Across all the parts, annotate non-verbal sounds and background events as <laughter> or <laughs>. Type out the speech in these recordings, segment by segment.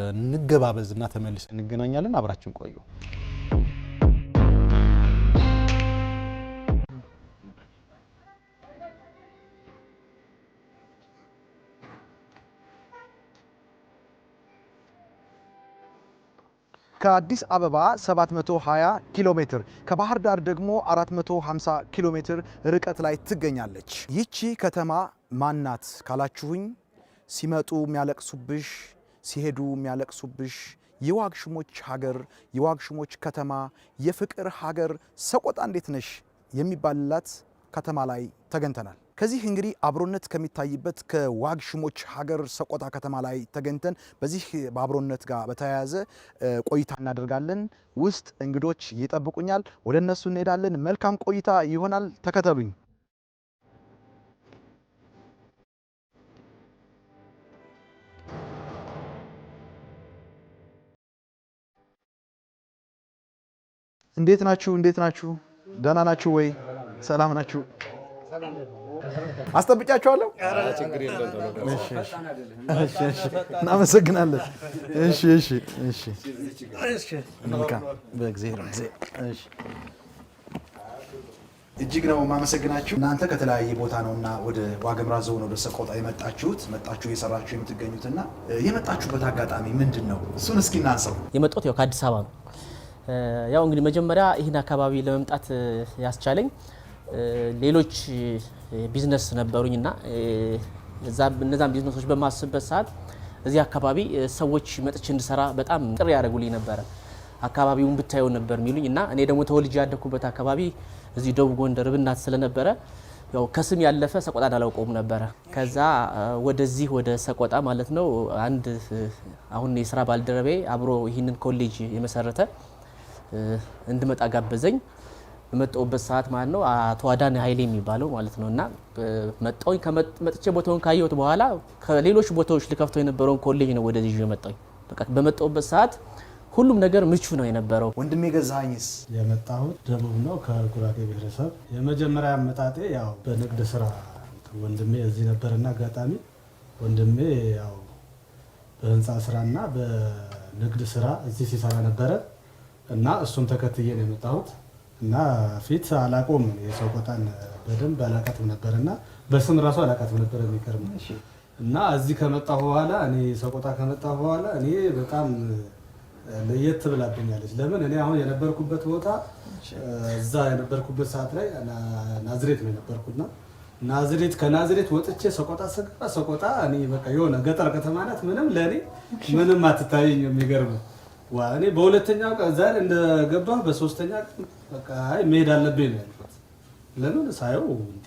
እንገባበዝ እና ተመልሰን እንገናኛለን። አብራችን ቆዩ። ከአዲስ አበባ 720 ኪሎ ሜትር ከባህር ዳር ደግሞ 450 ኪሎ ሜትር ርቀት ላይ ትገኛለች። ይቺ ከተማ ማናት ካላችሁኝ ሲመጡ የሚያለቅሱብሽ ሲሄዱ የሚያለቅሱብሽ የዋግሽሞች ሀገር፣ የዋግሽሞች ከተማ፣ የፍቅር ሀገር ሰቆጣ እንዴት ነሽ የሚባልላት ከተማ ላይ ተገኝተናል። ከዚህ እንግዲህ አብሮነት ከሚታይበት ከዋግሽሞች ሀገር ሰቆጣ ከተማ ላይ ተገኝተን በዚህ በአብሮነት ጋር በተያያዘ ቆይታ እናደርጋለን። ውስጥ እንግዶች ይጠብቁኛል። ወደ እነሱ እንሄዳለን። መልካም ቆይታ ይሆናል። ተከተሉኝ። እንዴት ናችሁ? እንዴት ናችሁ? ደህና ናችሁ ወይ? ሰላም ናችሁ? አስጠብቂያችኋለሁ። እናመሰግናለን። እጅግ ነው የማመሰግናችሁ። እናንተ ከተለያየ ቦታ ነው እና ወደ ዋገምራ ዞን ወደ ሰቆጣ የመጣችሁት መጣችሁ እየሰራችሁ የምትገኙት እና የመጣችሁበት አጋጣሚ ምንድን ነው? እሱን እስኪ እናንሰው። የመጣሁት ያው ከአዲስ አበባ ነው ያው እንግዲህ መጀመሪያ ይህን አካባቢ ለመምጣት ያስቻለኝ ሌሎች ቢዝነስ ነበሩኝ እና እነዛን ቢዝነሶች በማስብበት ሰዓት እዚህ አካባቢ ሰዎች መጥቼ እንድሰራ በጣም ጥሪ ያደርጉልኝ ነበረ። አካባቢውን ብታየው ነበር የሚሉኝ እና እኔ ደግሞ ተወልጄ ያደኩበት አካባቢ እዚህ ደቡብ ጎንደር ብናት ስለነበረ ያው ከስም ያለፈ ሰቆጣን አላውቀውም ነበረ። ከዛ ወደዚህ ወደ ሰቆጣ ማለት ነው አንድ አሁን የስራ ባልደረቤ አብሮ ይህንን ኮሌጅ የመሰረተ እንድመጣ ጋበዘኝ። በመጣሁበት ሰዓት ማለት ነው አቶ አዳነ ኃይሌ የሚባለው ማለት ነው እና መጣሁኝ። መጥቼ ቦታውን ካየሁት በኋላ ከሌሎች ቦታዎች ልከፍተው የነበረውን ኮሌጅ ነው ወደዚህ ይዤ መጣሁኝ። በቃ በመጣሁበት ሰዓት ሁሉም ነገር ምቹ ነው የነበረው። ወንድሜ ገዛኝስ የመጣሁት ደቡብ ነው ከጉራጌ ብሔረሰብ። የመጀመሪያ አመጣጤ ያው በንግድ ስራ ወንድሜ እዚህ ነበርና አጋጣሚ ወንድሜ ያው በህንፃ ስራና በንግድ ስራ እዚህ ሲሰራ ነበረ እና እሱን ተከትዬ ነው የመጣሁት። እና ፊት አላቆም የሰው ቆጣን በደንብ አላቃትም ነበር እና በስም ራሱ አላቃትም ነበር የሚቀርም እና እዚህ ከመጣሁ በኋላ እኔ ሰው ከመጣሁ በኋላ እኔ በጣም ለየት ብላብኛለች። ለምን እኔ አሁን የነበርኩበት ቦታ እዛ የነበርኩበት ሰዓት ላይ ናዝሬት ነው የነበርኩና ናዝሬት ከናዝሬት ወጥቼ ሰቆጣ ስገባ ሰቆጣ እኔ በቃ የሆነ ገጠር ከተማ ናት። ምንም ለእኔ ምንም አትታየኝ የሚገርም እኔ በሁለተኛው ቀን ዛሬ እንደገባ በሶስተኛ ቀን በቃ አይ መሄድ አለብኝ ነው ያልኩት። ለምን ሳየው እንዴ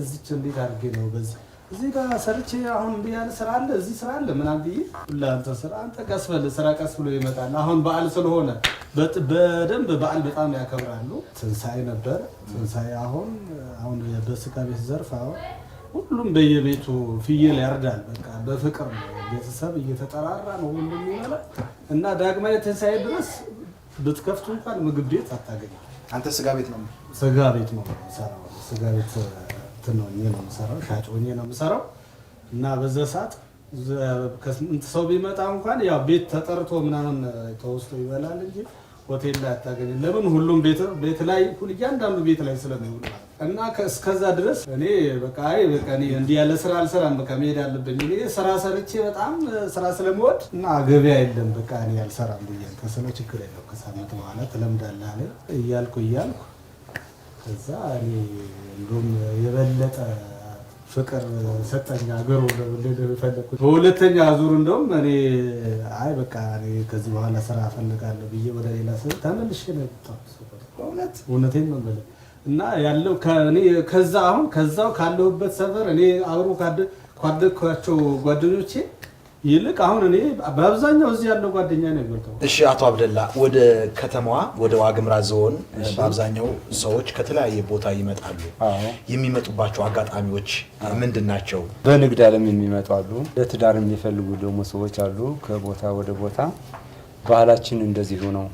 እዚች እንዴት አድርጌ ነው በዚህ እዚህ ጋር ሰርቼ አሁን እንዲህ ያለ ስራ አለ እዚህ ስራ አለ ምናምን ብዬ ሁላ አንተ ስራ አንተ ቀስ በል ስራ ቀስ ብሎ ይመጣል። አሁን በዓል ስለሆነ በደንብ በዓል በጣም ያከብራሉ። ትንሳኤ ነበር ትንሳኤ። አሁን አሁን በስጋ ቤት ዘርፍ አሁን ሁሉም በየቤቱ ፍየል ያርዳል። በቃ በፍቅር ነው ቤተሰብ እየተጠራራ ነው ሁሉም ይበላል። እና ዳግማዊ ትንሣኤ ድረስ ብትከፍቱ እንኳን ምግብ ቤት አታገኝ። አንተ ስጋ ቤት ነው ስጋ ቤት ነው የምሰራው ስጋ ቤት ነው የምሰራው ሻጭ ሆኜ ነው የምሰራው እና በዛ ሰዓት ከስምንት ሰው ቢመጣ እንኳን ያው ቤት ተጠርቶ ምናምን ተወስቶ ይበላል እንጂ ሆቴል ላይ አታገኝም። ለምን ሁሉም ቤት ላይ ሁሉ እያንዳንዱ ቤት ላይ ስለሚውል ማለት እና እስከዛ ድረስ እኔ በቃ በቃ እንዲህ ያለ ስራ አልሰራም፣ በቃ መሄድ አለብኝ። እኔ ስራ ሰርቼ በጣም ስራ ስለምወድ እና ገበያ የለም በቃ እኔ አልሰራም ብያል። ከስለው ችግር የለው ከሳምንት በኋላ ትለምዳለህ አለ እያልኩ እያልኩ ከዛ እኔ እንደውም የበለጠ ፍቅር ሰጠኝ ሀገሩ ፈለግኩት። በሁለተኛ ዙር እንደውም እኔ አይ በቃ ከዚህ በኋላ ስራ ፈልጋለሁ ብዬ ወደ ሌላ ስ ተመልሼ ነው የመጣሁት። እውነት እውነቴን ነው እና ያለው ከኔ ከዛ አሁን ከዛው ካለሁበት ሰፈር እኔ አብሮ ካደኳቸው ጓደኞቼ ይልቅ አሁን እኔ በአብዛኛው እዚህ ያለው ጓደኛ ነው የመልከው። እሺ አቶ አብደላ ወደ ከተማዋ ወደ ዋግምራ ዞን በአብዛኛው ሰዎች ከተለያየ ቦታ ይመጣሉ። የሚመጡባቸው አጋጣሚዎች ምንድን ናቸው? በንግድ ዓለም የሚመጡ አሉ። ለትዳር የሚፈልጉ ደግሞ ሰዎች አሉ። ከቦታ ወደ ቦታ ባህላችን እንደዚሁ ነው።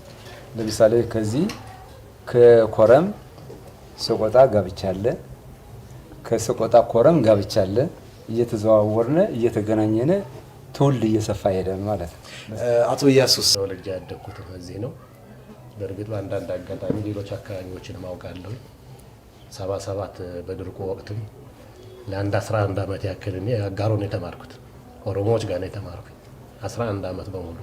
ለምሳሌ ከዚህ ከኮረም ሰቆጣ ጋብቻለ፣ ከሰቆጣ ኮረም ጋብቻለ። እየተዘዋወርነ እየተገናኘነ ትውልድ እየሰፋ ሄደ ማለት ነው። አቶ ኢያሱስ ወልጄ ያደግኩት እዚህ ነው። በእርግጥ በአንዳንድ አጋጣሚ ሌሎች አካባቢዎችን ማውቃለሁ። ሰባ ሰባት በድርቁ ወቅትም ለአንድ አንድ ዓመት ያክል እኔ አጋሮ ነው የተማርኩት። ኦሮሞዎች ጋር ነው የተማርኩት አንድ ዓመት በሙሉ።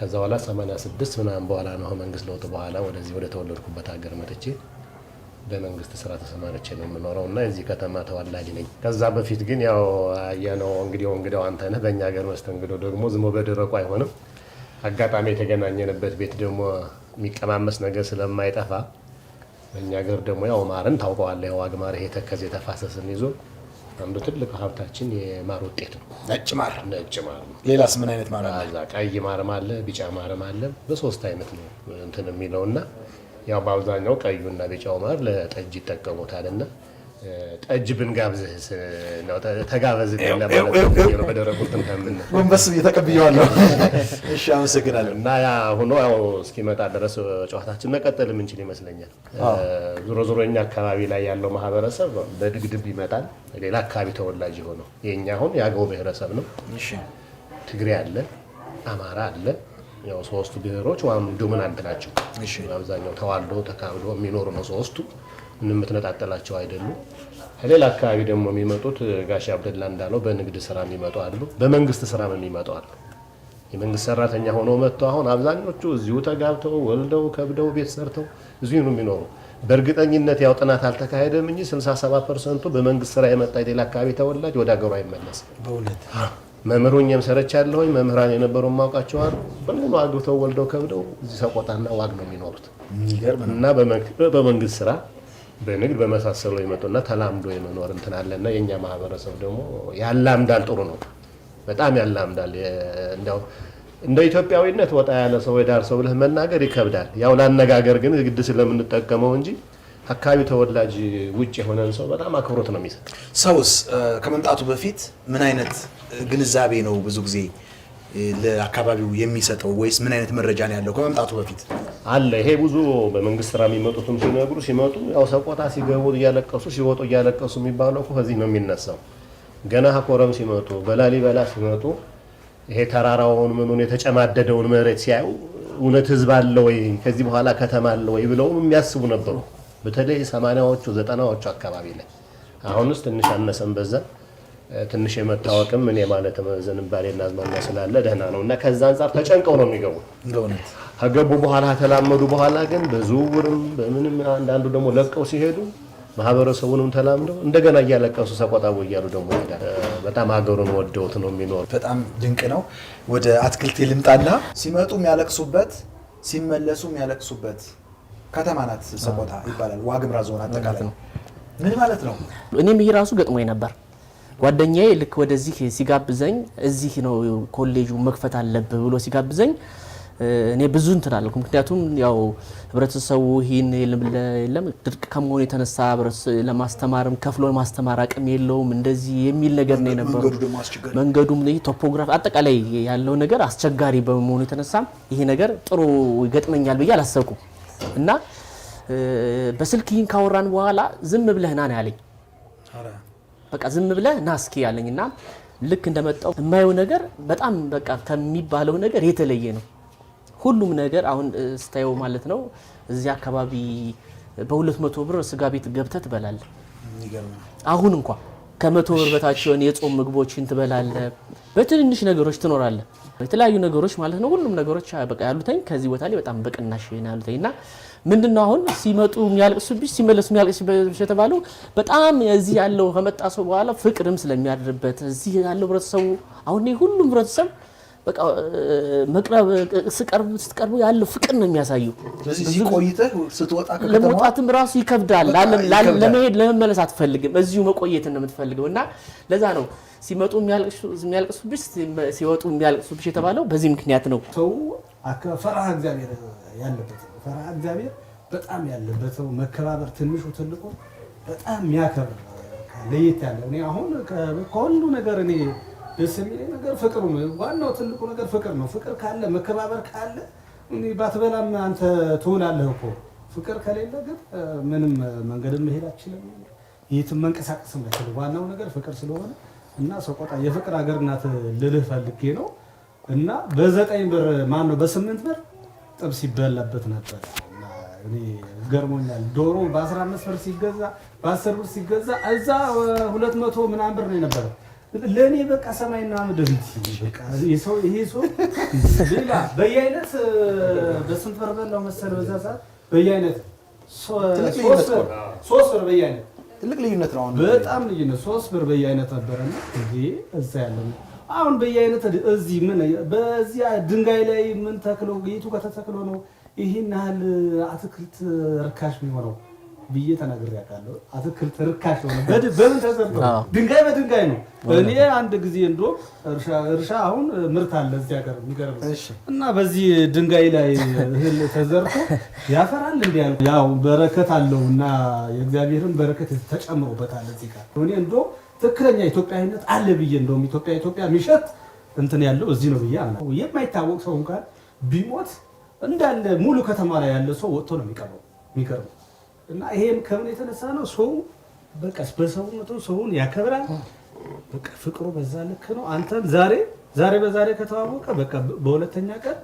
ከዛ በኋላ 86 ምናምን በኋላ ነው መንግስት ለውጥ በኋላ ወደዚህ ወደ ተወለድኩበት ሀገር መጥቼ በመንግስት ስራ ተሰማርቼ ነው የምኖረው እና የዚህ ከተማ ተወላጅ ነኝ። ከዛ በፊት ግን ያው አየነው እንግዲህ እንግዳው አንተነህ በእኛ ሀገር መስተንግዶ ደግሞ ዝሞ በደረቁ አይሆንም። አጋጣሚ የተገናኘንበት ቤት ደግሞ የሚቀማመስ ነገር ስለማይጠፋ በእኛ ሀገር ደግሞ ያው ማርን ታውቀዋለህ። ያው አግማር ይሄ ተከዜ የተፋሰስን ይዞ አንዱ ትልቅ ሀብታችን የማር ውጤት ነው። ነጭ ማር ነጭ ማር ነው። ሌላስ ምን አይነት ማር አለ? ቀይ ማርም አለ፣ ቢጫ ማርም አለ። በሶስት አይነት ነው እንትን የሚለው እና ያው በአብዛኛው ቀዩና ቢጫው ማር ለጠጅ ይጠቀሙታል እና ጠጅ ብንጋብዝህ ነው ተጋበዝ በደረቁት ጎንበስ እየተቀብየዋለሁ። <laughs> እሺ አመሰግናለሁ። እና ያ ሁኖ ያው እስኪመጣ ድረስ ጨዋታችን መቀጠል የምንችል ይመስለኛል። ዞሮ ዞሮ የኛ አካባቢ ላይ ያለው ማህበረሰብ በድግድብ ይመጣል። ሌላ አካባቢ ተወላጅ የሆነው የእኛ አሁን የአገው ብሔረሰብ ነው። ትግሬ አለ፣ አማራ አለ ያው ሶስቱ ብሔሮች ዋም ዶሚናንት ናቸው። አብዛኛው ተዋልዶ ተካብዶ የሚኖሩ ነው ሶስቱ፣ ምንም የምትነጣጠላቸው አይደሉም። ከሌላ አካባቢ ደግሞ የሚመጡት ጋሽ አብደላ እንዳለው በንግድ ስራ የሚመጡ አሉ፣ በመንግስት ስራም የሚመጡ አሉ። የመንግስት ሰራተኛ ሆኖ መጥቶ አሁን አብዛኞቹ እዚሁ ተጋብተው ወልደው ከብደው ቤት ሰርተው እዚሁ ነው የሚኖሩ። በእርግጠኝነት ያው ጥናት አልተካሄደም እንጂ 67 ፐርሰንቱ በመንግስት ስራ የመጣ የሌላ አካባቢ ተወላጅ ወደ ሀገሩ አይመለስም በእውነት የምሰረች ያለሁኝ መምህራን የነበሩ ማውቃቸዋል በሙሉ አግብተው ወልደው ከብደው እዚህ ሰቆጣና ዋግ ነው የሚኖሩት እና በመንግስት ስራ በንግድ በመሳሰሉ የመጡና ተላምዶ የመኖር እንትን አለና የእኛ ማህበረሰብ ደግሞ ያላምዳል። ጥሩ ነው፣ በጣም ያላምዳል። እንደው እንደ ኢትዮጵያዊነት ወጣ ያለ ሰው ወይ ዳር ሰው ብለህ መናገር ይከብዳል። ያው ለአነጋገር ግን ግድ ስለምንጠቀመው እንጂ አካባቢው ተወላጅ ውጭ የሆነን ሰው በጣም አክብሮት ነው የሚሰጥ። ሰውስ ከመምጣቱ በፊት ምን አይነት ግንዛቤ ነው ብዙ ጊዜ ለአካባቢው የሚሰጠው ወይስ ምን አይነት መረጃ ነው ያለው ከመምጣቱ በፊት አለ? ይሄ ብዙ በመንግስት ስራ የሚመጡትም ሲነግሩ ሲመጡ ያው ሰቆጣ ሲገቡ እያለቀሱ ሲወጡ እያለቀሱ የሚባለው እኮ ከዚህ ነው የሚነሳው። ገና ሀኮረም ሲመጡ በላሊበላ ሲመጡ ይሄ ተራራውን ምኑን የተጨማደደውን መሬት ሲያዩ እውነት ህዝብ አለ ወይ ከዚህ በኋላ ከተማ አለ ወይ ብለውም የሚያስቡ ነበሩ። በተለይ ሰማንያዎቹ ዘጠናዎቹ አካባቢ ላይ አሁንስ ትንሽ አነሰም በዛ ትንሽ የመታወቅም እኔ ማለት እና አዝማሚያ ስላለ ደህና ነው እና ከዛ አንጻር ተጨንቀው ነው የሚገቡ። ከገቡ በኋላ ተላመዱ። በኋላ ግን በዝውውርም በምንም አንዳንዱ ደግሞ ለቀው ሲሄዱ ማህበረሰቡንም ተላምደው እንደገና እያለቀሱ ሰቆጣቦ እያሉ ደግሞ በጣም ሀገሩን ወደውት ነው የሚኖሩ። በጣም ድንቅ ነው። ወደ አትክልቴ ልምጣና ሲመጡ የሚያለቅሱበት ሲመለሱ የሚያለቅሱበት ከተማ ናት ሰቆጣ ይባላል። ዋግምራ ዞን አጠቃላይ ነው። ምን ማለት ነው? እኔም ይሄ ራሱ ገጥሞኝ ነበር። ጓደኛዬ ልክ ወደዚህ ሲጋብዘኝ እዚህ ነው ኮሌጁ መክፈት አለብህ ብሎ ሲጋብዘኝ እኔ ብዙ እንትን አለሁ። ምክንያቱም ያው ህብረተሰቡ ይህን የለም ድርቅ ከመሆኑ የተነሳ ለማስተማርም ከፍሎ ማስተማር አቅም የለውም እንደዚህ የሚል ነገር ነው የነበሩ። መንገዱም ይህ ቶፖግራፊ፣ አጠቃላይ ያለው ነገር አስቸጋሪ በመሆኑ የተነሳ ይሄ ነገር ጥሩ ይገጥመኛል ብዬ አላሰብኩም። እና በስልክ ይህን ካወራን በኋላ ዝም ብለህ ና ነው ያለኝ። በቃ ዝም ብለህ ና እስኪ ያለኝ እና ልክ እንደመጣው የማየው ነገር በጣም በቃ ከሚባለው ነገር የተለየ ነው። ሁሉም ነገር አሁን ስታየው ማለት ነው። እዚህ አካባቢ በሁለት መቶ ብር ስጋ ቤት ገብተህ ትበላለህ። አሁን እንኳ ከመቶ ብር በታች የሆነ የጾም ምግቦችን ትበላለህ። በትንንሽ ነገሮች ትኖራለህ። የተለያዩ ነገሮች ማለት ነው። ሁሉም ነገሮች በቃ ያሉተኝ ከዚህ ቦታ ላይ በጣም በቅናሽ ነው ያሉተኝ እና ምንድነው አሁን ሲመጡ የሚያለቅሱብሽ ሲመለሱ የሚያለቅሱብሽ የተባለው በጣም እዚህ ያለው ከመጣ ሰው በኋላ ፍቅርም ስለሚያድርበት እዚህ ያለው ህብረተሰቡ አሁን ሁሉም ህብረተሰብ በቃ መቅረብ ስትቀርቡ ያለው ፍቅር ነው የሚያሳየው። ለመውጣትም ራሱ ይከብዳል። ለመሄድ ለመመለስ አትፈልግም። እዚሁ መቆየትን ነው የምትፈልገው እና ለዛ ነው ሲመጡ የሚያልቅሱብሽ ሲወጡ የሚያለቅሱብሽ የተባለው በዚህ ምክንያት ነው። ሰው ፈርሃ እግዚአብሔር ያለበት ፈርሃ እግዚአብሔር በጣም ያለበት መከባበር፣ ትንሹ ትልቁ በጣም የሚያከብር ለየት ያለ እኔ አሁን ከሁሉ ነገር እኔ ደስ የሚለኝ ነገር ፍቅሩ ነው። ዋናው ትልቁ ነገር ፍቅር ነው። ፍቅር ካለ መከባበር ካለ ባትበላም አንተ ትውላለህ እኮ። ፍቅር ከሌለ ግን ምንም መንገድም መሄድ አችልም፣ የትም መንቀሳቀስም አይችልም። ዋናው ነገር ፍቅር ስለሆነ እና ሰቆጣ የፍቅር ሀገር ናት ልልህ ፈልጌ ነው። እና በዘጠኝ ብር ማን ነው በስምንት ብር ጥብስ ይበላበት ነበር። እኔ ገርሞኛል። ዶሮ በ15 ብር ሲገዛ በ10 ብር ሲገዛ እዛ 200 ምናምን ብር ነው የነበረው። ለእኔ በቃ ሰማይና ምድር ሰው ይሄ ሰው ሌላ በየአይነት በስንት ብር በላው መሰለህ በዛ ሰዓት በየአይነት ሶስት ብር በየአይነት ትልቅ ልዩነት ነው። በጣም ልዩነት ሶስት ብር በየአይነት ነበረ እዛ ያለ አሁን በየአይነት እዚህ ምን በዚህ ድንጋይ ላይ ምን ተክለው ጌቱ ከተተክሎ ነው ይህን ያህል አትክልት ርካሽ የሚሆነው። ብዬ ተናግሬ አውቃለሁ። አትክልት ርካሽ ሆነ። በምን ተሰርቶ ድንጋይ በድንጋይ ነው። እኔ አንድ ጊዜ እንዶ እርሻ አሁን ምርት አለ እዚህ ሀገር የሚገርም እና በዚህ ድንጋይ ላይ እህል ተዘርቶ ያፈራል። እንዲ ያው በረከት አለው እና የእግዚአብሔርን በረከት ተጨምሮበታል እዚህ ጋር እኔ እንዶ ትክክለኛ ኢትዮጵያዊነት አለ ብዬ እንደውም ኢትዮጵያ ኢትዮጵያ የሚሸጥ እንትን ያለው እዚህ ነው ብዬ አምና የማይታወቅ ሰው እንኳን ቢሞት እንዳለ ሙሉ ከተማ ላይ ያለ ሰው ወጥቶ ነው የሚቀበው የሚቀርበው እና ይሄም ከምን የተነሳ ነው? ሰው በቃ በሰውነቱ ሰውን ያከብራል። በቃ ፍቅሩ በዛ ልክ ነው። አንተን ዛሬ ዛሬ በዛሬ ከተዋወቀ በቃ በሁለተኛ ቀን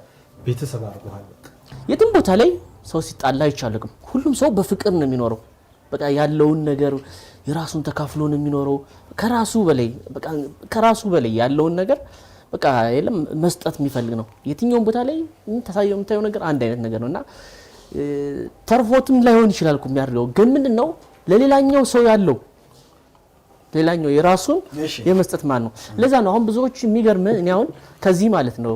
ቤተሰብ አድርጎሃል። በቃ የትም ቦታ ላይ ሰው ሲጣላ አይቻልቅም። ሁሉም ሰው በፍቅር ነው የሚኖረው። በቃ ያለውን ነገር የራሱን ተካፍሎ ነው የሚኖረው። ከራሱ በላይ በቃ ከራሱ በላይ ያለውን ነገር በቃ የለም መስጠት የሚፈልግ ነው። የትኛውም ቦታ ላይ ተሳየው የምታየው ነገር አንድ አይነት ነገር ነው እና ተርፎትም ላይሆን ይችላል እኮ የሚያደርገው ግን ምንድን ነው ለሌላኛው ሰው ያለው ሌላኛው የራሱን የመስጠት ማን ነው። ለዛ ነው አሁን ብዙዎች የሚገርም እኔ አሁን ከዚህ ማለት ነው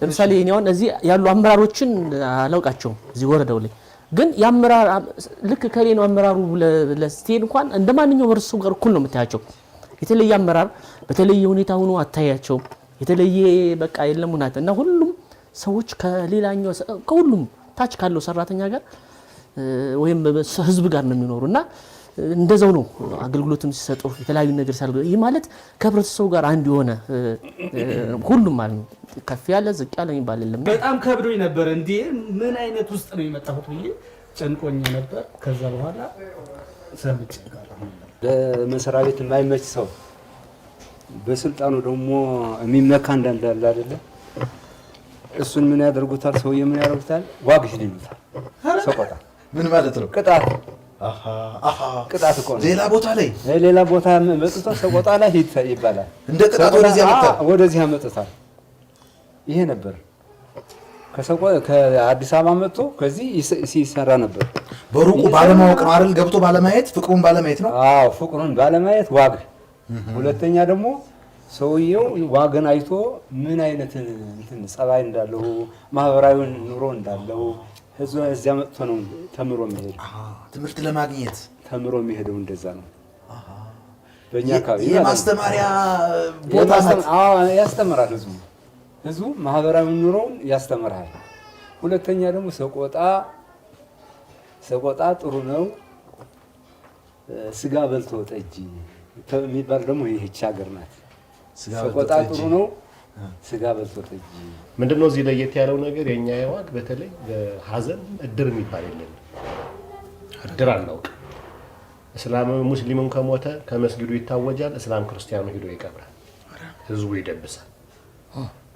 ለምሳሌ እኔ አሁን እዚህ ያሉ አመራሮችን አላውቃቸውም እዚህ ወረደው ላይ ግን የአመራር ልክ ከሌ ነው አመራሩ ለስቴን እንኳን እንደ ማንኛውም እርሱ ጋር እኩል ነው የምታያቸው። የተለየ አመራር በተለየ ሁኔታ ሆኖ አታያቸውም። የተለየ በቃ የለም ሁናት እና ሁሉም ሰዎች ከሌላኛው ከሁሉም ታች ካለው ሰራተኛ ጋር ወይም ህዝብ ጋር ነው የሚኖሩ እና እንደዛው ነው አገልግሎትም ሲሰጡ የተለያዩ ነገር ሲያል ይህ ማለት ከህብረተሰቡ ጋር አንድ የሆነ ሁሉም ማለት ነው። ከፍ ያለ ዝቅ ያለ የሚባል የለም። በጣም ከብዶኝ ነበር። እንዲ ምን አይነት ውስጥ ነው የመጣሁት ብዬ ጨንቆኝ ነበር። ከዛ በኋላ ሰምጭ በመስሪያ ቤት የማይመች ሰው በስልጣኑ ደግሞ የሚመካ እንዳንዳለ አደለም እሱን ምን ያደርጉታል? ሰውዬ ምን ያደርጉታል? ዋግሽ ይሉታል። ሰቆጣ ምን ማለት ነው? ቅጣት ቅጣት እኮ ነው። ሌላ ቦታ ላይ ሌላ ቦታ መጥቶ ሰቆጣ ላይ ሂድ ይባላል። እንደ ቅጣት ወደዚህ መጥቷል፣ ወደዚህ መጥቷል። ይሄ ነበር ከሰቆ ከአዲስ አበባ መጥቶ ከዚህ ሲሰራ ነበር። በሩቁ ባለማወቅ ነው አይደል? ገብቶ ባለማየት፣ ፍቅሩን ባለማየት ነው። አዎ ፍቅሩን ባለማየት ዋግ። ሁለተኛ ደግሞ ሰውየው ዋገን አይቶ ምን አይነት ጸባይ እንዳለው ማህበራዊ ኑሮ እንዳለው እዚያ መጥቶ ነው ተምሮ የሚሄድ ትምህርት ለማግኘት ተምሮ የሚሄደው እንደዛ ነው። በእኛ አካባቢ ማስተማሪያ ቦታ ያስተምራል። ህዝቡ ህዝቡ ማህበራዊ ኑሮውን ያስተምራል። ሁለተኛ ደግሞ ሰቆጣ ሰቆጣ ጥሩ ነው። ስጋ በልቶ ጠጅ የሚባል ደግሞ ይህች ሀገር ናት። ቆጣ ጥሩ ነው። ስጋ በልቶት እጅ ምንድን ነው እዚህ ለየት ያለው ነገር የእኛ የዋግ በተለይ በሀዘን እድር የሚባል የለም። እድር አናውቅ። እስላም ሙስሊምም ከሞተ ከመስጊዱ ይታወጃል። እስላም ክርስቲያኑ ሂዶ ይቀብራል፣ ህዝቡ ይደብሳል።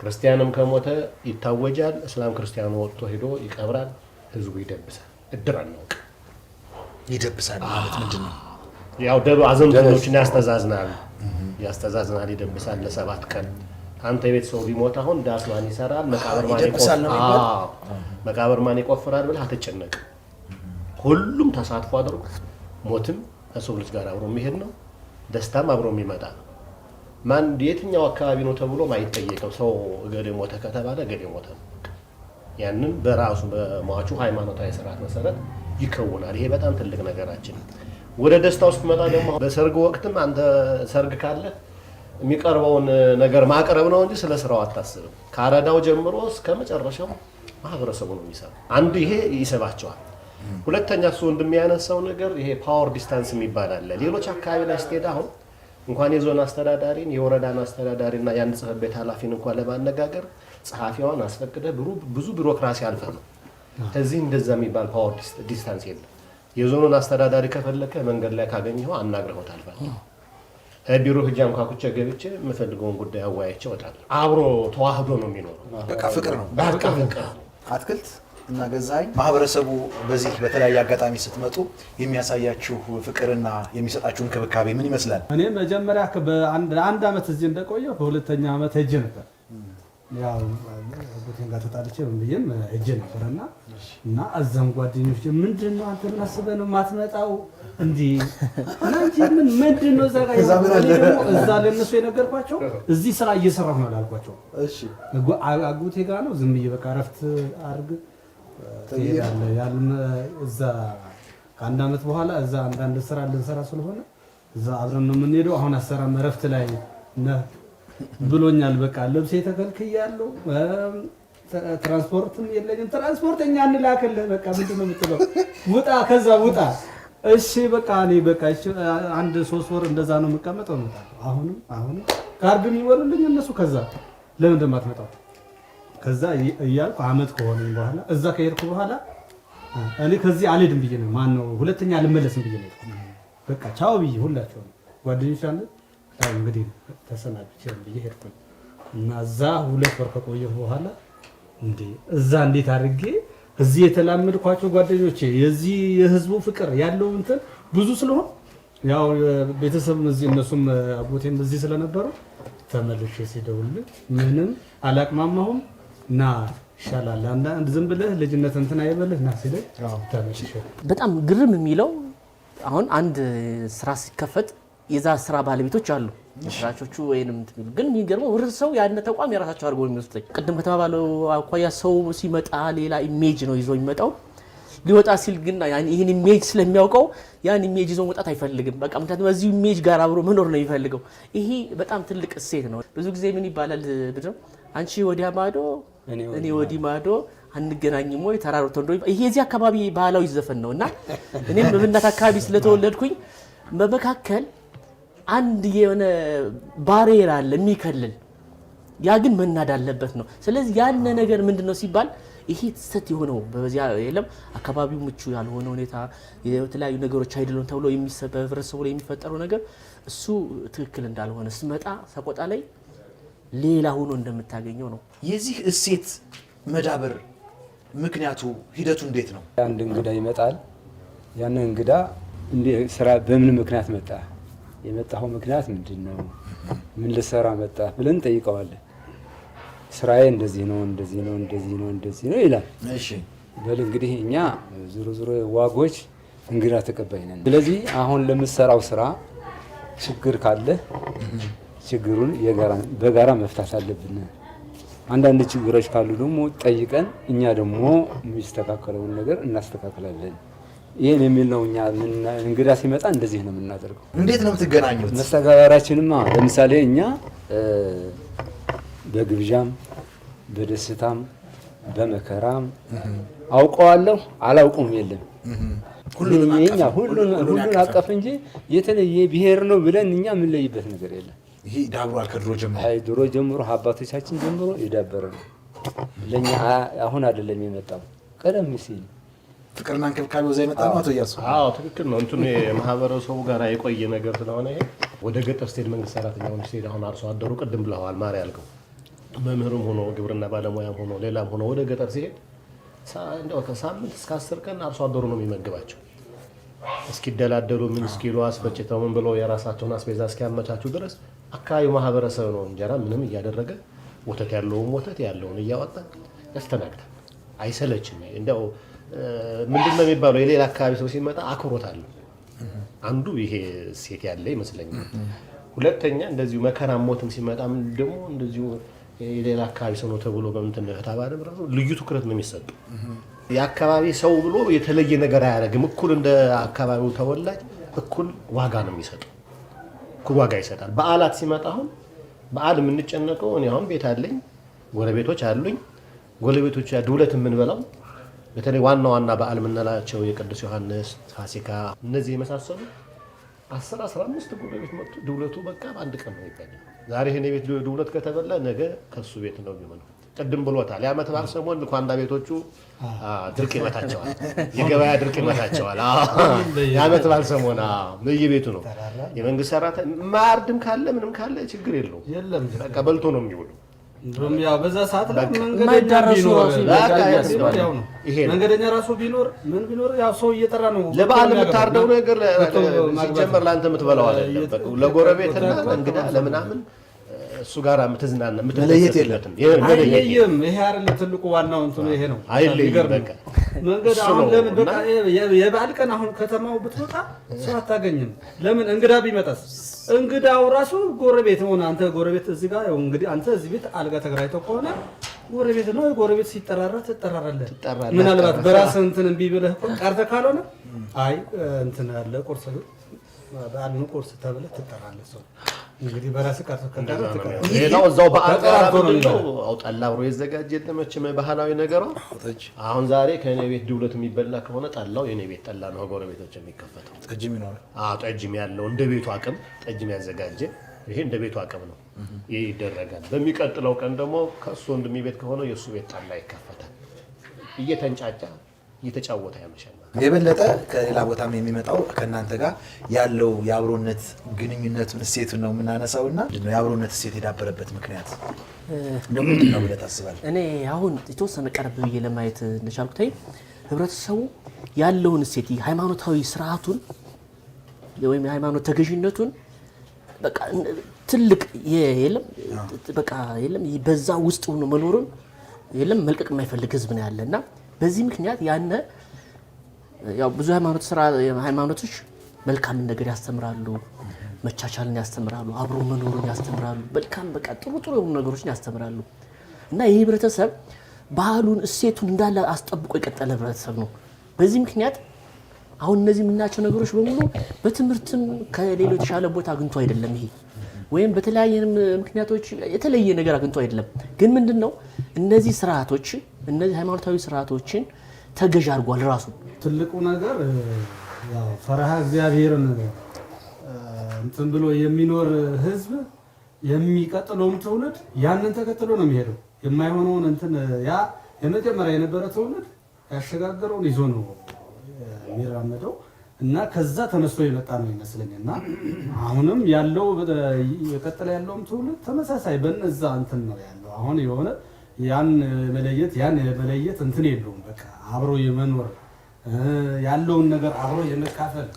ክርስቲያንም ከሞተ ይታወጃል። እስላም ክርስቲያኑ ወጥቶ ሂዶ ይቀብራል፣ ህዝቡ ይደብሳል። እድር አናውቅ። ይደብሳል ማለት ምንድን ነው? ያው ሀዘንተኞችን ያስተዛዝናል ያስተዛዝናል፣ ይደብሳል ለሰባት ቀን አንተ ቤት ሰው ቢሞት አሁን ዳስ ማን ይሰራል? መቃብር ማን ይቆፍራል? መቃብር ማን ይቆፍራል ብለህ አትጨነቅ። ሁሉም ተሳትፎ አድርጎ ሞትም ከሰው ልጅ ጋር አብሮ የሚሄድ ነው፣ ደስታም አብሮ የሚመጣ ነው። ማን የትኛው አካባቢ ነው ተብሎ ማይጠየቀው ሰው እገሌ ሞተ ከተባለ እገሌ ሞተ ነው። ያንን በራሱ በሟቹ ሃይማኖታዊ ስርዓት መሰረት ይከውናል። ይሄ በጣም ትልቅ ነገራችን ወደ ደስታው ስትመጣ ደግሞ በሰርግ ወቅትም አንተ ሰርግ ካለ የሚቀርበውን ነገር ማቅረብ ነው እንጂ ስለ ስራው አታስብም። ከአረዳው ጀምሮ እስከ መጨረሻው ማህበረሰቡ ነው የሚሰራ። አንዱ ይሄ ይስባቸዋል። ሁለተኛ እሱ እንደሚያነሳው ነገር ይሄ ፓወር ዲስታንስ የሚባል አለ። ሌሎች አካባቢ ላይ ስትሄድ አሁን እንኳን የዞን አስተዳዳሪን የወረዳን አስተዳዳሪና የአንድ ጽህፈት ቤት ኃላፊን እንኳን ለማነጋገር ጸሐፊዋን አስፈቅደ ብዙ ቢሮክራሲ አልፈ ነው። እዚህ እንደዛ የሚባል ፓወር ዲስታንስ የለም። የዞኑን አስተዳዳሪ ከፈለከ መንገድ ላይ ካገኘሁ አናግረሆታል። ማለት ነው። ቢሮ ህጃ እንኳ ገብቼ የምፈልገውን ጉዳይ አወያይቼ እወጣለሁ። አብሮ ተዋህዶ ነው የሚኖረው። በቃ ፍቅር ነው። በቃ ፍቅር አትክልት እና ገዛኝ ማህበረሰቡ በዚህ በተለያየ አጋጣሚ ስትመጡ የሚያሳያችሁ ፍቅርና የሚሰጣችሁ እንክብካቤ ምን ይመስላል? እኔ መጀመሪያ በአንድ ዓመት እዚህ እንደቆየሁ በሁለተኛ ዓመት ሄጄ ነበር ያው ቡቴን ጋር ተጣልቼ ብዬም እጄ ነበረና እና እዛም ጓደኞች ምንድን ነው አንተ ምን አስበህ ነው ማትመጣው? እንዲህ እናንቺ ምን ምንድን ነው እዛ ጋር እዛ ለእነሱ የነገርኳቸው እዚህ ስራ እየሰራሁ ነው ላልኳቸው፣ አጎቴ ጋር ነው ዝም ብዬ በቃ እረፍት አድርግ ትሄዳለህ ያሉን። እዛ ከአንድ አመት በኋላ እዛ አንዳንድ ስራ ልንሰራ ስለሆነ እዛ አብረን ነው የምንሄደው። አሁን አሰራም እረፍት ላይ ነህ ብሎኛል። በቃ ልብሴ ተከልክያለሁ፣ ትራንስፖርትም የለኝም። ትራንስፖርት እኛ እንላክልህ። በቃ ምንድን ነው የምትለው? ውጣ፣ ከዛ ውጣ። እሺ በቃ እኔ በቃ እሺ፣ አንድ ሶስት ወር እንደዛ ነው የምቀመጠው። እመጣለሁ። አሁንም አሁንም ካርድም ይወሩልኝ እነሱ። ከዛ ለምን እንደማትመጣው ከዛ እያልኩ አመት ከሆነ በኋላ እዛ ከሄድኩ በኋላ እኔ ከዚህ አልሄድም ብዬ ነው ማነው፣ ሁለተኛ አልመለስም ብዬ ነው። በቃ ቻው ብዬ ሁላቸው ጓደኞች አለ እንግዲህ ተሰናብቼም ብዬ ሄድኩኝ እና እዛ ሁለት ወር ከቆየሁ በኋላ እንዴ እዛ እንዴት አድርጌ እዚህ የተላመድኳቸው ጓደኞቼ የዚህ የህዝቡ ፍቅር ያለው እንትን ብዙ ስለሆን ያው ቤተሰብ እዚህ እነሱም አጎቴም እዚህ ስለነበሩ ተመልሼ ሲደውልልኝ ምንም አላቅማማሁም። ና ይሻላል አንድ ዝም ብለህ ልጅነት እንትን አይበልህ ና ሲለኝ ተመልሼ በጣም ግርም የሚለው አሁን አንድ ስራ ሲከፈት የዛ ስራ ባለቤቶች አሉ መስራቾቹ ወይም ግን የሚገርመው ሰው ያን ተቋም የራሳቸው አድርጎ የሚወስደኝ ቅድም ከተባለው አኳያ ሰው ሲመጣ ሌላ ኢሜጅ ነው ይዞ የሚመጣው። ሊወጣ ሲል ግን ይህን ኢሜጅ ስለሚያውቀው ያን ኢሜጅ ይዞ መውጣት አይፈልግም። በቃ ምክንያቱም በዚህ ኢሜጅ ጋር አብሮ መኖር ነው የሚፈልገው። ይሄ በጣም ትልቅ እሴት ነው። ብዙ ጊዜ ምን ይባላል ብድም አንቺ ወዲያ ማዶ እኔ ወዲህ ማዶ አንገናኝም ወይ ተራሮቶ እንደ ይሄ የዚህ አካባቢ ባህላዊ ዘፈን ነው እና እኔም በብናት አካባቢ ስለተወለድኩኝ በመካከል አንድ የሆነ ባሪየር አለ የሚከልል ያ ግን መናድ አለበት ነው። ስለዚህ ያነ ነገር ምንድን ነው ሲባል ይሄ ትሰት የሆነው በዚያ የለም አካባቢው ምቹ ያልሆነ ሁኔታ የተለያዩ ነገሮች አይደለም ተብሎ በህብረተሰቡ ላይ የሚፈጠረው ነገር እሱ ትክክል እንዳልሆነ ስመጣ ሰቆጣ ላይ ሌላ ሆኖ እንደምታገኘው ነው። የዚህ እሴት መዳበር ምክንያቱ ሂደቱ እንዴት ነው? አንድ እንግዳ ይመጣል። ያንን እንግዳ ስራ በምን ምክንያት መጣ የመጣኸው ምክንያት ምንድን ነው? ምን ልሰራ መጣ ብለን እንጠይቀዋለን። ስራዬ እንደዚህ ነው እንደዚህ ነው እንደዚህ ነው እንደዚህ ነው ይላል። በል እንግዲህ እኛ ዞሮ ዞሮ ዋጎች እንግዳ ተቀባይ ነን። ስለዚህ አሁን ለምትሰራው ስራ ችግር ካለ ችግሩን በጋራ መፍታት አለብን። አንዳንድ ችግሮች ካሉ ደግሞ ጠይቀን እኛ ደግሞ የሚስተካከለውን ነገር እናስተካክላለን። ይህን የሚል ነው። እኛ እንግዳ ሲመጣ እንደዚህ ነው የምናደርገው። እንዴት ነው የምትገናኙት? መስተጋባራችንማ ለምሳሌ እኛ በግብዣም በደስታም በመከራም አውቀዋለሁ አላውቁም የለም ሁሉን አቀፍ እንጂ የተለየ ብሔር ነው ብለን እኛ የምንለይበት ነገር የለም። ይሄ ዳብሯል ከድሮ ጀምሮ ድሮ ጀምሮ አባቶቻችን ጀምሮ የዳበረ ነው። ለእኛ አሁን አይደለም የመጣው ቀደም ሲል ፍቅርና እንክብካቤ ወዛ ይመጣል። አቶ እያሱ አዎ ትክክል ነው። እንትኑ የማህበረሰቡ ጋር የቆየ ነገር ስለሆነ ይሄ ወደ ገጠር ስትሄድ መንግስት ሰራተኛውን ስትሄድ አሁን አርሶ አደሩ ቅድም ብለዋል ማሪ ያልከው መምህርም ሆኖ ግብርና ባለሙያም ሆኖ ሌላም ሆኖ ወደ ገጠር ሲሄድ እንደው ከሳምንት እስከ አስር ቀን አርሶ አደሩ ነው የሚመግባቸው እስኪደላደሉ ምን እስኪሉ አስፈጭተው ምን ብሎ የራሳቸውን አስቤዛ እስኪያመቻቹ ድረስ አካባቢው ማህበረሰብ ነው እንጀራ ምንም እያደረገ ወተት ያለውም ወተት ያለውን እያወጣ ያስተናግዳል። አይሰለችም እንደው ምንድን ነው የሚባለው የሌላ አካባቢ ሰው ሲመጣ አክብሮት አለው። አንዱ ይሄ ሴት ያለ ይመስለኛል። ሁለተኛ እንደዚሁ መከራ ሞትም ሲመጣ ደግሞ እንደዚሁ የሌላ አካባቢ ሰው ነው ተብሎ በምንትን ልዩ ትኩረት ነው የሚሰጡ የአካባቢ ሰው ብሎ የተለየ ነገር አያደርግም። እኩል እንደ አካባቢው ተወላጅ እኩል ዋጋ ነው የሚሰጡ እኩል ዋጋ ይሰጣል። በዓላት ሲመጣ አሁን በዓል የምንጨነቀው እኔ አሁን ቤት አለኝ፣ ጎረቤቶች አሉኝ። ጎረቤቶች ዱለት የምንበላው በተለይ ዋና ዋና በዓል የምንላቸው የቅዱስ ዮሐንስ፣ ፋሲካ እነዚህ የመሳሰሉ አስር አስራ አምስት ጎረቤት መጡ። ድውለቱ በቃ በአንድ ቀን ነው ይባላል። ዛሬ እኔ ቤት ድውለት ከተበላ ነገ ከሱ ቤት ነው የሚሆነው። ቅድም ብሎታል። የዓመት በዓል ሰሞን ኳንዳ ቤቶቹ ድርቅ ይመታቸዋል፣ የገበያ ድርቅ ይመታቸዋል። የዓመት በዓል ሰሞን ምይ ቤቱ ነው። የመንግስት ሰራተ ማርድም ካለ ምንም ካለ ችግር የለውም። በቃ በልቶ ነው የሚውሉ ያው በዛ ሰዓት ላይ መንገደኛ ራሱ ቢኖር ምን ቢኖር ያው ሰው እየጠራ ነው። ለበዓል የምታርደው ነገር ሲጀመር ለአንተ የምትበላው አይደለም፣ ለጎረቤትና ለእንግዳ ለምናምን ከእሱ ጋር የምትዝናና መለየት የለበትም። ይሄ አይደለም ትልቁ ዋናው እንትኑ ይሄ ነው። መንገድ አሁን ለምን የበዓል ቀን አሁን ከተማው ብትወጣ ሰው አታገኝም። ለምን እንግዳ ቢመጣስ? እንግዳው ራሱ ጎረቤት አንተ ጎረቤት እዚህ ጋር እንግዲህ አንተ እዚህ ቤት አልጋ ተከራይቶ ከሆነ ጎረቤት ነው። ጎረቤት ሲጠራራ ትጠራራለህ። ምናልባት በራስህ እንትን እምቢ ብለህ ቀርተህ ካልሆነ አይ እንትን አለ ቁርስ በዓልን ቁርስ ተብለህ ትጠራለህ። ሰው እንግዲህ በራስህ ቀርቶ ሌላው እዛው በአጠራቶ ነው። ጠላ አብሮ የዘጋጅ የለመችም ባህላዊ ነገሯ። አሁን ዛሬ ከእኔ ቤት ድውለት የሚበላ ከሆነ ጠላው የእኔ ቤት ጠላ ነው። ጎረቤቶች የሚከፈተው ጠጅም ይኖራል። ጠጅም ያለው እንደ ቤቱ አቅም ጠጅም ያዘጋጀ ይሄ እንደ ቤቱ አቅም ነው። ይህ ይደረጋል። በሚቀጥለው ቀን ደግሞ ከእሱ ወንድሜ ቤት ከሆነ የእሱ ቤት ጠላ ይከፈታል። እየተንጫጫ እየተጫወተ ያመሻል። የበለጠ ከሌላ ቦታም የሚመጣው ከእናንተ ጋር ያለው የአብሮነት ግንኙነቱን እሴቱን ነው የምናነሳው እና የአብሮነት እሴት የዳበረበት ምክንያት ምንድን ነው ብለህ ታስባለህ? እኔ አሁን የተወሰነ ቀረብ ብዬ ለማየት እንደቻልኩት ህብረተሰቡ ያለውን እሴት ሃይማኖታዊ ስርዓቱን ወይም የሃይማኖት ተገዥነቱን ትልቅ የለም በቃ የለም በዛ ውስጥ ሆኖ መኖሩን የለም መልቀቅ የማይፈልግ ህዝብ ነው ያለ እና በዚህ ምክንያት ያነ ያው ብዙ ሃይማኖት ስራ ሃይማኖቶች መልካምን ነገር ያስተምራሉ፣ መቻቻልን ያስተምራሉ፣ አብሮ መኖሩን ያስተምራሉ፣ መልካም በቃ ጥሩ ጥሩ የሆኑ ነገሮችን ያስተምራሉ። እና ይህ ህብረተሰብ ባህሉን እሴቱን እንዳለ አስጠብቆ የቀጠለ ህብረተሰብ ነው። በዚህ ምክንያት አሁን እነዚህ የምናያቸው ነገሮች በሙሉ በትምህርትም ከሌሎች የተሻለ ቦታ አግኝቶ አይደለም። ይሄ ወይም በተለያየ ምክንያቶች የተለየ ነገር አግኝቶ አይደለም። ግን ምንድን ነው እነዚህ ስርዓቶች እነዚህ ሃይማኖታዊ ስርዓቶችን ተገዥ አድርጓል። ራሱ ትልቁ ነገር ፈረሃ እግዚአብሔርን እንትን ብሎ የሚኖር ህዝብ የሚቀጥለውም ትውልድ ያንን ተከትሎ ነው የሚሄደው። የማይሆነውን እንትን ያ የመጀመሪያ የነበረ ትውልድ ያሸጋገረውን ይዞ ነው የሚራመደው እና ከዛ ተነስቶ የመጣ ነው ይመስለኝ እና አሁንም ያለው የቀጠለ ያለውም ትውልድ ተመሳሳይ በነዛ እንትን ነው ያለው። አሁን የሆነ ያን መለየት ያን መለየት እንትን የለውም በቃ አብሮ የመኖር ያለውን ነገር አብሮ የመካፈል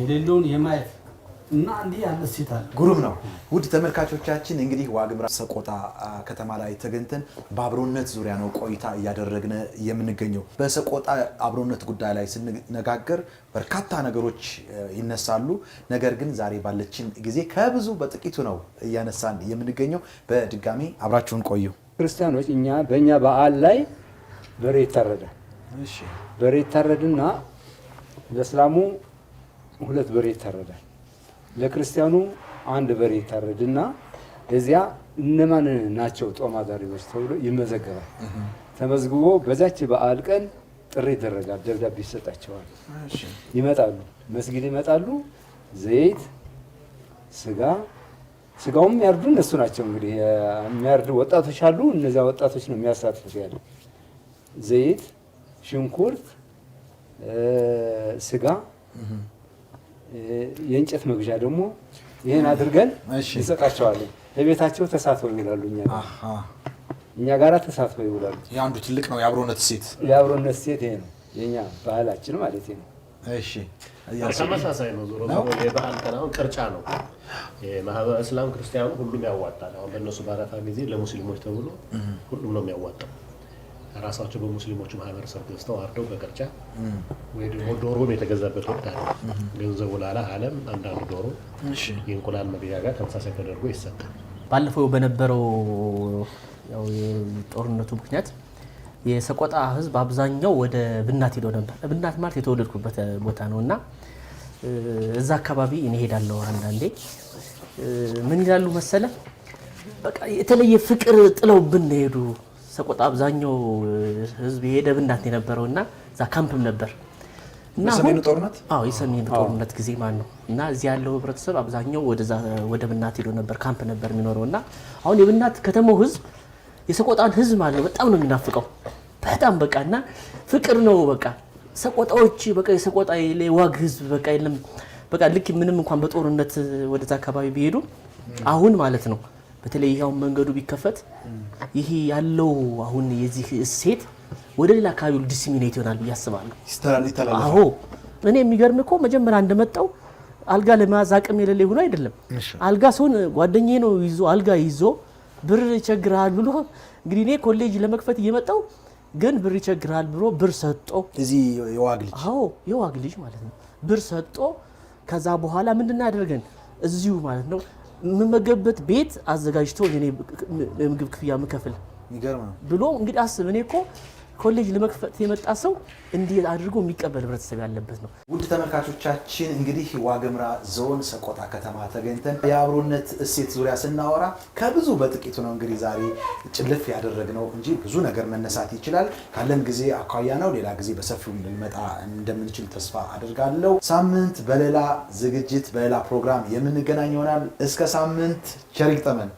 የሌለውን የማየት እና እንዲህ ያለ ሴት አለ። ግሩም ነው። ውድ ተመልካቾቻችን እንግዲህ ዋግምራ ሰቆጣ ከተማ ላይ ተገኝተን በአብሮነት ዙሪያ ነው ቆይታ እያደረግን የምንገኘው። በሰቆጣ አብሮነት ጉዳይ ላይ ስንነጋገር በርካታ ነገሮች ይነሳሉ። ነገር ግን ዛሬ ባለችን ጊዜ ከብዙ በጥቂቱ ነው እያነሳን የምንገኘው። በድጋሚ አብራችሁን ቆዩ። ክርስቲያኖች እኛ በእኛ በዓል ላይ በሬ ይታረዳል። በሬ ይታረድና ለእስላሙ ሁለት በሬ ይታረዳል። ለክርስቲያኑ አንድ በሬ ይታረድና እዚያ እነማን ናቸው ጦም አዳሪዎች ተብሎ ይመዘገባል። ተመዝግቦ በዛች በዓል ቀን ጥሪ ይደረጋል። ደብዳቤ ይሰጣቸዋል። ይመጣሉ፣ መስጊድ ይመጣሉ። ዘይት፣ ስጋ ስጋውም የሚያርዱ እነሱ ናቸው። እንግዲህ የሚያርዱ ወጣቶች አሉ። እነዚያ ወጣቶች ነው የሚያሳትፉ ያለ ዘይት ሽንኩርት፣ ስጋ፣ የእንጨት መግዣ ደግሞ ይህን አድርገን እንሰጣቸዋለን። ለቤታቸው ተሳትፈው ይውላሉ። እኛ እኛ ጋራ ተሳትፈው ይውላሉ። አንዱ ትልቅ ነው የአብሮነት ሴት የአብሮነት ሴት ይሄ ነው የኛ ባህላችን ማለት ነው። እሺ ተመሳሳይ ነው። ዞሮ ዞሮ የባህል ቀን አሁን ቅርጫ ነው። እስላም ክርስቲያኑ ሁሉም ያዋጣል። አሁን በእነሱ ባረፋ ጊዜ ለሙስሊሞች ተብሎ ሁሉም ነው የሚያዋጣው። ራሳቸው በሙስሊሞቹ ማህበረሰብ ገዝተው አርደው በቅርጫ ወይ ደግሞ ዶሮም የተገዛበት ወቅት አለ። ገንዘቡ ላላ አለም አንዳንድ ዶሮ የእንቁላል መግዣ ጋር ተመሳሳይ ተደርጎ ይሰጣል። ባለፈው በነበረው ጦርነቱ ምክንያት የሰቆጣ ህዝብ አብዛኛው ወደ ብናት ሄደው ነበር። ብናት ማለት የተወለድኩበት ቦታ ነው እና እዛ አካባቢ እኔ ሄዳለሁ አንዳንዴ። ምን ይላሉ መሰለ በቃ የተለየ ፍቅር ጥለው ብንሄዱ? ሰቆጣ አብዛኛው ህዝብ የሄደ ብናት የነበረው እና እዛ ካምፕም ነበር የሰሜኑ ጦርነት አዎ የሰሜኑ ጦርነት ጊዜ ማን ነው እና እዚህ ያለው ህብረተሰብ አብዛኛው ወደ ብናት ሄዶ ነበር ካምፕ ነበር የሚኖረው እና አሁን የብናት ከተማው ህዝብ የሰቆጣን ህዝብ ማለት ነው በጣም ነው የሚናፍቀው በጣም በቃ እና ፍቅር ነው በቃ ሰቆጣዎች በቃ የሰቆጣ የዋግ ህዝብ በቃ የለም በቃ ልክ ምንም እንኳን በጦርነት ወደዛ አካባቢ ቢሄዱ አሁን ማለት ነው በተለይ ያው መንገዱ ቢከፈት ይሄ ያለው አሁን የዚህ እሴት ወደ ሌላ አካባቢ ዲሲሚኔት ይሆናል ብዬ አስባለሁ። አዎ እኔ የሚገርም እኮ መጀመሪያ እንደመጣው አልጋ ለመያዝ አቅም የሌለ ሆኖ አይደለም። አልጋ ሰውን ጓደኛዬ ነው ይዞ አልጋ ይዞ ብር ይቸግራል ብሎ እንግዲህ እኔ ኮሌጅ ለመክፈት እየመጣው ግን ብር ይቸግራል ብሎ ብር ሰጦ እዚህ የዋግ ልጅ አዎ የዋግ ልጅ ማለት ነው ብር ሰጦ ከዛ በኋላ ምንድን አደረገን እዚሁ ማለት ነው የምመገብበት ቤት አዘጋጅቶ የኔ ምግብ ክፍያ የምከፍል ብሎ እንግዲህ አስብ እኔ እኮ ኮሌጅ ለመክፈት የመጣ ሰው እንዴት አድርጎ የሚቀበል ህብረተሰብ ያለበት ነው። ውድ ተመልካቾቻችን እንግዲህ ዋግምራ ዞን ሰቆጣ ከተማ ተገኝተን የአብሮነት እሴት ዙሪያ ስናወራ ከብዙ በጥቂቱ ነው እንግዲህ ዛሬ ጭልፍ ያደረግነው እንጂ ብዙ ነገር መነሳት ይችላል። ካለን ጊዜ አኳያ ነው። ሌላ ጊዜ በሰፊው ልንመጣ እንደምንችል ተስፋ አድርጋለሁ። ሳምንት በሌላ ዝግጅት በሌላ ፕሮግራም የምንገናኝ ይሆናል። እስከ ሳምንት ቸር ይግጠመን።